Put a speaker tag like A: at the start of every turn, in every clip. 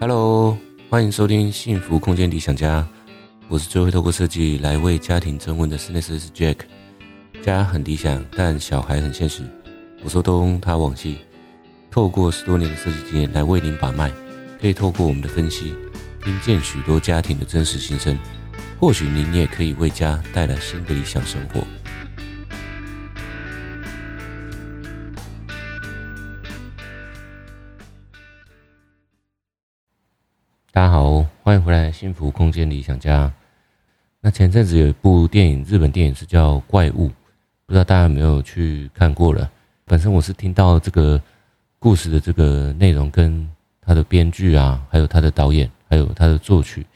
A: 哈嘍，Hello，歡迎收聽《幸福空間理想家》，我是最會透過設計來為家庭升溫的室內設計師 Jack。家很理想，但小孩很現實。我說東他往西，透過十多年的設計經驗來為您把脈，可以透過我們的分析，聽見許多家庭的真實心聲，或許您也可以為家帶來新的理想生活。大家好，歡迎回來《幸福空間理想家》。那前陣子有一部電影，日本電影是叫《怪物》，不知道大家有沒有去看過了？本身我是聽到這個故事的這個內容，跟他的編劇啊，還有他的導演，還有他的作曲，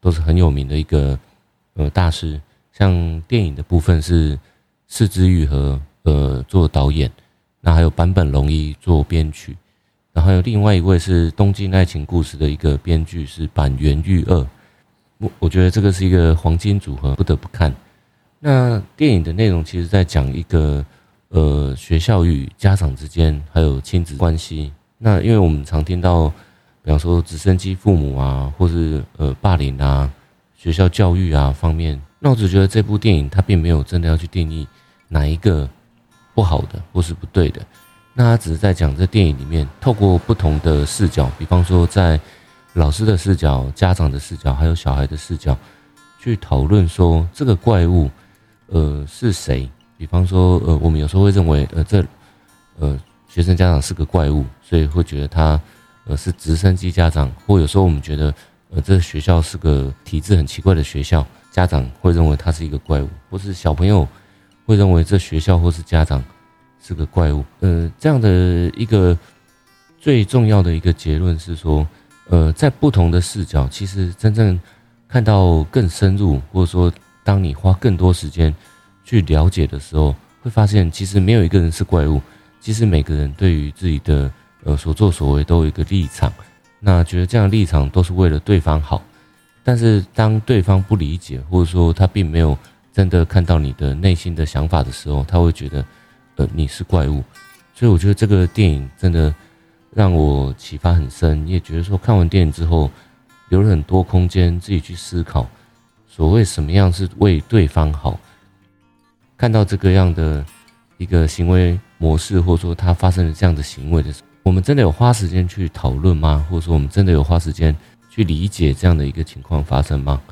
A: 都是很有名的一個呃大師。像電影的部分是是枝裕和呃做導演，那還有坂本龍一做編曲。還有另外一位是《東京愛情故事》的一個編劇是坂元裕二，我我覺得這個是一個黃金組合，不得不看。那電影的內容其實在講一個呃學校與家長之間，還有親子關係。那因為我們常聽到，比方說直升機父母啊，或是呃霸凌啊、學校教育啊方面，那我只覺得這部電影它並沒有真的要去定義哪一個不好的或是不對的。那他只是在講這電影裡面，透過不同的視角，比方說在老師的視角、家長的視角，還有小孩的視角，去討論說這個怪物，呃，是誰？比方說，呃，我們有時候會認為，呃，這呃學生家長是個怪物，所以會覺得他呃是直升機家長，或有時候我們覺得呃這學校是個體制很奇怪的學校，家長會認為他是一個怪物，或是小朋友會認為這學校或是家長，是個怪物。呃，這樣的一個最重要的一個結論是說，呃，在不同的視角，其實真正看到更深入，或者說，當你花更多時間去了解的時候，會發現其實沒有一個人是怪物。其實每個人對於自己的呃所作所為都有一個立場，那覺得這樣的立場都是為了對方好。但是當對方不理解，或者說他並沒有真的看到你的內心的想法的時候，他會覺得。呃，你是怪物，所以我覺得這個電影真的讓我啟發很深。你也覺得說看完電影之後，留了很多空間自己去思考，所謂什麼樣是為對方好。看到這個樣的一個行為模式，或者說他發生了這樣的行為的時候，我們真的有花時間去討論嗎？或者說我們真的有花時間去理解這樣的一個情況發生嗎？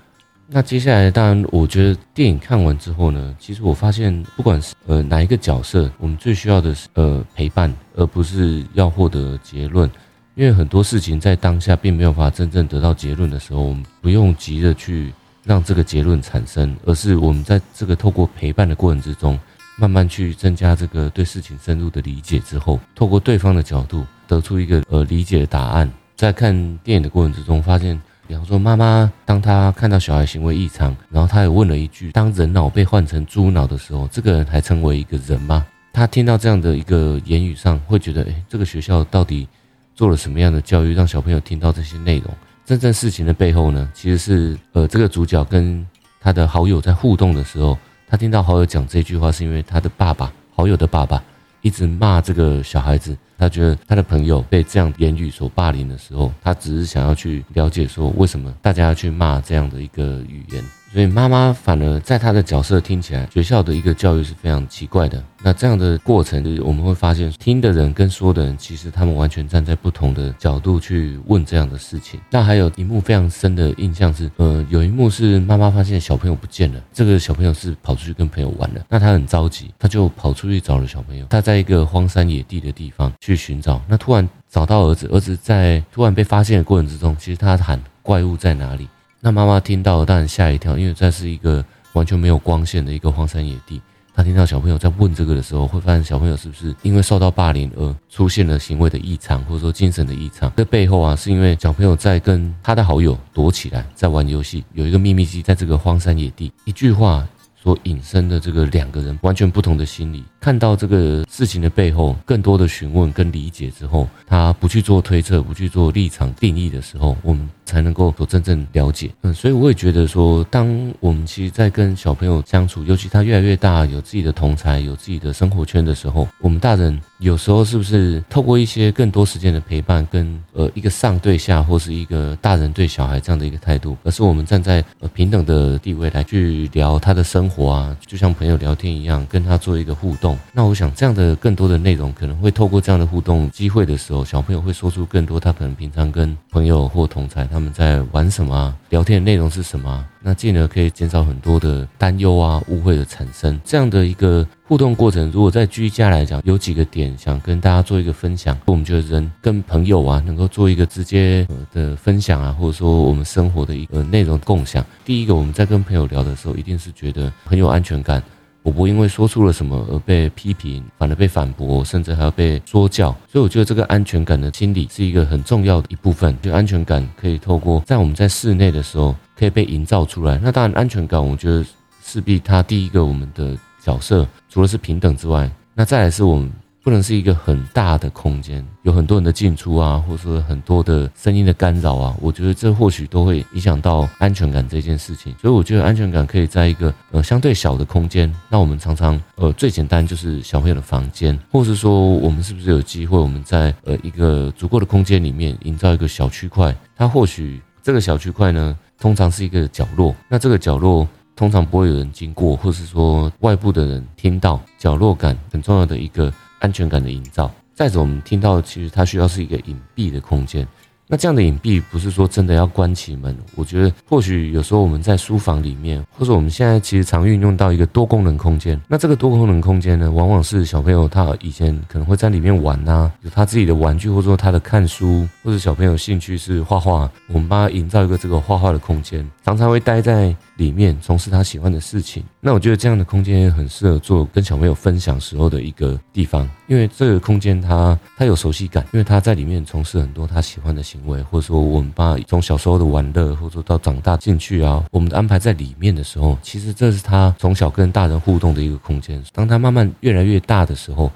A: 那接下來，當然，我覺得電影看完之後呢，其實我發現，不管是呃哪一個角色，我們最需要的是呃陪伴，而不是要獲得結論。因為很多事情在當下並沒有辦法真正得到結論的時候，我們不用急着去讓這個結論產生，而是我們在這個透過陪伴的過程之中，慢慢去增加這個對事情深入的理解之後，透過對方的角度得出一個呃理解的答案。在看電影的過程之中，發現。比方說，媽媽，當她看到小孩行為異常，然後她也問了一句：“當人腦被換成豬腦的時候，這個人還稱為一個人嗎？”她聽到這樣的一個言語上，會覺得，哎，這個學校到底做了什麼樣的教育，讓小朋友聽到這些內容。真正事情的背後呢，其實是，呃，這個主角跟他的好友在互動的時候，他聽到好友講這句話，是因為他的爸爸，好友的爸爸一直罵這個小孩子。他覺得他的朋友被這樣言語所霸凌的時候，他只是想要去了解說為什麼大家要去罵這樣的一個語言。所以媽媽反而在他的角色聽起來，學校的一個教育是非常奇怪的。那這樣的過程，我們會發現聽的人跟說的人，其實他們完全站在不同的角度去問這樣的事情。那還有一幕非常深的印象是，呃，有一幕是媽媽發現小朋友不見了，這個小朋友是跑出去跟朋友玩了。那他很着急，他就跑出去找了小朋友。他在一個荒山野地的地方。去尋找，那突然找到兒子，兒子在突然被發現的過程之中，其實他喊怪物在哪裡？那媽媽聽到當然嚇一跳，因為這是一個完全沒有光線的一個荒山野地。他聽到小朋友在問這個的時候，會發現小朋友是不是因為受到霸凌而出現了行為的異常，或者說精神的異常？這背後啊，是因為小朋友在跟他的好友躲起來，在玩遊戲，有一個秘密基地在這個荒山野地，一句話所引申的這個兩個人完全不同的心理。看到這個事情的背後，更多的詢問跟理解之後，他不去做推測，不去做立場定義的時候，我們才能夠做真正了解。嗯，所以我也覺得說，當我們其實在跟小朋友相處，尤其他越來越大，有自己的同儕，有自己的生活圈的時候，我們大人有時候是不是透過一些更多時間的陪伴，跟呃一個上對下，或是一個大人對小孩這樣的一個態度，而是我們站在呃平等的地位來去聊他的生活啊，就像朋友聊天一樣，跟他做一個互動。那我想，這樣的更多的內容可能會透過這樣的互動機會的時候，小朋友會說出更多他可能平常跟朋友或同儕他們在玩什麼、啊，聊天的內容是什麼、啊。那進而可以減少很多的擔憂啊、誤會的產生。這樣的一個互動過程，如果在居家來講，有幾個點想跟大家做一個分享。我們覺得人跟朋友啊，能夠做一個直接的分享啊，或者說我們生活的一個內容共享。第一個，我們在跟朋友聊的時候，一定是覺得很有安全感。我不因為說出了什麼而被批評，反而被反駁，甚至還要被說教。所以我覺得這個安全感的心理是一個很重要的一部分。就安全感可以透過在我們在室內的時候可以被營造出來。那當然安全感，我覺得勢必它第一個我們的角色，除了是平等之外，那再來是我們。不能是一個很大的空間，有很多人的進出啊，或者說很多的聲音的干擾啊，我覺得這或許都會影響到安全感這件事情。所以我覺得安全感可以在一個呃相對小的空間。那我們常常呃最簡單就是小朋友的房間，或是說我們是不是有機會我們在呃一個足夠的空間裡面營造一個小區塊？它或許這個小區塊呢，通常是一個角落。那這個角落通常不會有人經過，或是說外部的人聽到，角落感很重要的一個。安全感的營造，再者，我們聽到其實它需要是一個隱蔽的空間。那這樣的隱蔽不是說真的要關起門，我覺得或許有時候我們在書房裡面，或者我們現在其實常運用到一個多功能空間。那這個多功能空間呢，往往是小朋友他以前可能會在裡面玩吶、啊，有、就是、他自己的玩具，或者說他的看書，或者小朋友興趣是畫畫，我們幫他營造一個這個畫畫的空間，常常會待在裡面從事他喜歡的事情。那我覺得這樣的空間也很適合做跟小朋友分享時候的一個地方，因為這個空間他他有熟悉感，因為他在裡面從事很多他喜歡的。因為，或者說我們把從小時候的玩樂，或者說到長大進去啊，我們的安排在裡面的時候，其實這是他從小跟大人互動的一個空間。當他慢慢越來越大的時候，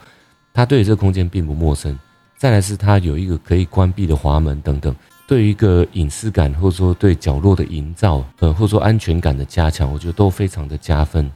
A: 他對於這個空間並不陌生。再來是他有一個可以關閉的滑門等等，對於一個隱私感，或者說對角落的營造，呃，或者說安全感的加強，我覺得都非常的加分。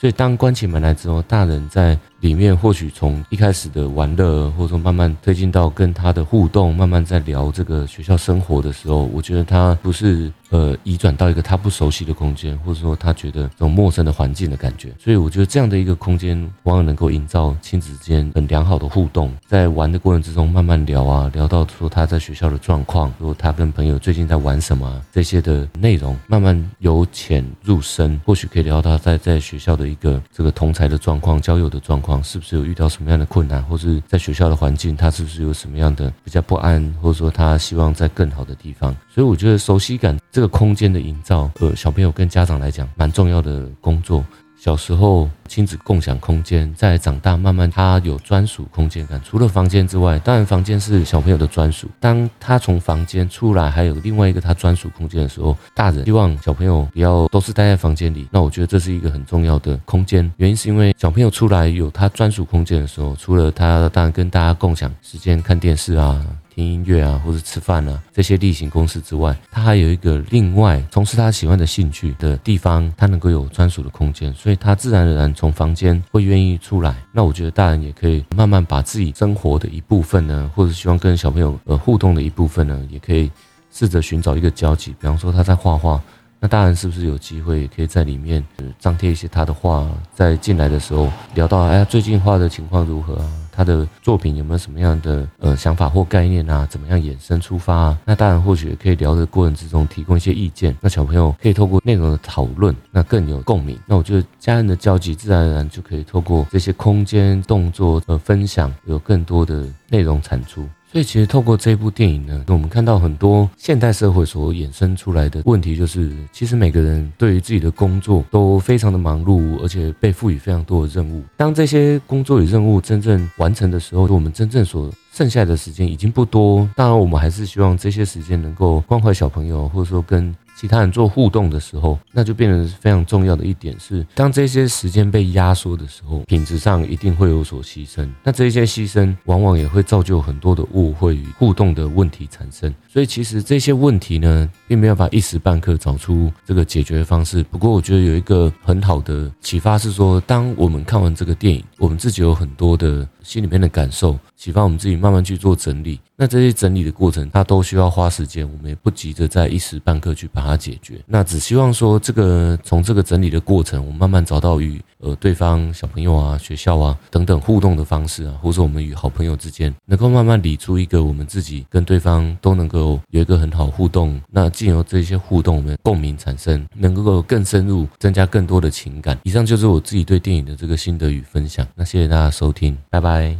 A: 所以當關起門來之後，大人在。裡面或許從一開始的玩樂，或者說慢慢推進到跟他的互動，慢慢在聊這個學校生活的時候，我覺得他不是呃移轉到一個他不熟悉的空間，或者說他覺得這種陌生的環境的感覺。所以我覺得這樣的一個空間，往往能夠營造親子之間很良好的互動，在玩的過程之中慢慢聊啊，聊到說他在學校的狀況，說他跟朋友最近在玩什麼、啊、這些的內容，慢慢由淺入深，或許可以聊到他在在學校的一個這個同儕的狀況，交友的狀況。是不是有遇到什麼樣的困難，或是在學校的環境，他是不是有什麼樣的比較不安，或者說他希望在更好的地方？所以我覺得熟悉感這個空間的營造，和、呃、小朋友跟家長來講，蠻重要的工作。小時候親子共享空間，在長大慢慢他有專屬空間感。除了房間之外，當然房間是小朋友的專屬。當他從房間出來，還有另外一個他專屬空間的時候，大人希望小朋友不要都是待在房間裡。那我覺得這是一個很重要的空間，原因是因為小朋友出來有他專屬空間的時候，除了他當然跟大家共享時間看電視啊，聽音樂啊，或者吃飯啊，這些例行公事之外，他還有一個另外從事他喜歡的興趣的地方，他能夠有專屬的空間，所以他自然而然從房間會願意出來。那我覺得大人也可以慢慢把自己生活的一部分呢，或者希望跟小朋友呃互動的一部分呢，也可以試着尋找一個交集。比方說他在畫畫，那大人是不是有機會也可以在裡面呃張貼一些他的畫，在進來的時候聊到，哎呀，最近畫的情況如何啊？他的作品有沒有什麼樣的呃想法或概念啊？怎麼樣衍生出發啊？那當然，或許也可以聊的過程之中提供一些意見。那小朋友可以透過內容的討論，那更有共鳴。那我覺得家人的交集自然而然就可以透過這些空間動作的分享，有更多的內容產出。所以，其實透過這部電影呢，我們看到很多現代社會所衍生出來的問題，就是其實每個人對於自己的工作都非常的忙碌，而且被賦予非常多的任務。當這些工作與任務真正完成的時候，我們真正所剩下的時間已經不多。當然，我們還是希望這些時間能夠關懷小朋友，或者說跟。其他人做互動的時候，那就變得，非常重要的一點是，當這些時間被壓縮的時候，品質上一定會有所犧牲。那這些犧牲往往也會造就很多的誤會與互動的問題產生。所以其實這些問題呢，並沒有辦法一時半刻找出這個解決的方式。不過我覺得有一個很好的啟發是說，當我們看完這個電影，我們自己有很多的心裡面的感受。啟發我們自己慢慢去做整理，那這些整理的過程，它都需要花時間，我們也不急着在一時半刻去把它解決。那只希望說，這個從這個整理的過程，我們慢慢找到與呃對方小朋友啊、學校啊等等互動的方式啊，或者我們與好朋友之間，能夠慢慢理出一個我們自己跟對方都能夠有一個很好的互動。那進而這些互動，我們共鳴產生，能夠更深入，增加更多的情感。以上就是我自己對電影的這個心得與分享。那謝謝大家收聽，拜拜。